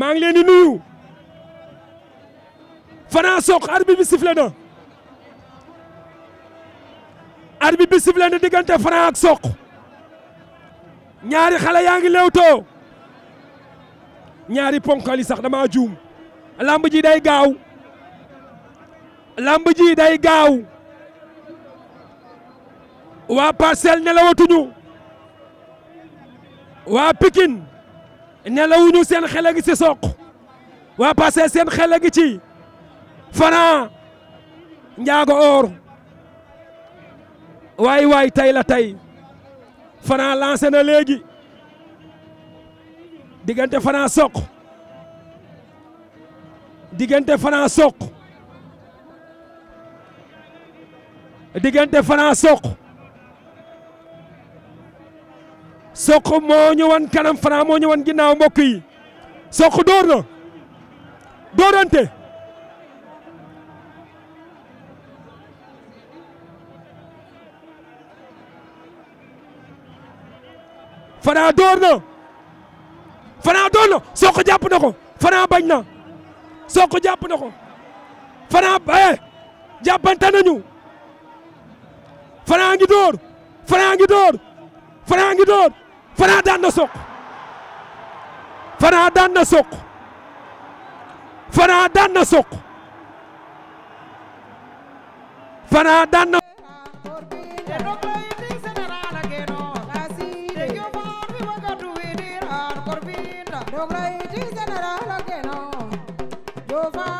maa ngi leen di nuu Fana Sokh arbitre bi na arbitre bi sifflé na diggante Franc ak Sokh ñaari xale yaa ngi lewtoo ñaari ponkali sax dama juum lamb ji day gaaw lamb ji day gaaw waa Parcelles nelawatuñu waa Pikine nelawuñu seen xel a ngi ci soq waa Parcelles seen xel a ngi ci Franc Ndiago Or waay waay tey la tey Franc lancé na léegi diggante Franc Sokh diggante Franc Sokh diggante fanaa Sokh Sokh moo ñëwoon kanam Franc moo ñëwoon ginnaaw mbokk yi Sokh door na doorante Fana door na Fana door na Sokh jàpp na ko bañ na Sokh jàpp na ko Fana eh jàppante nañu ngi door Fana ngi door Fana ngi door Fana daan na Sokh Fana daan na Sokh Fana daan na Jehovah.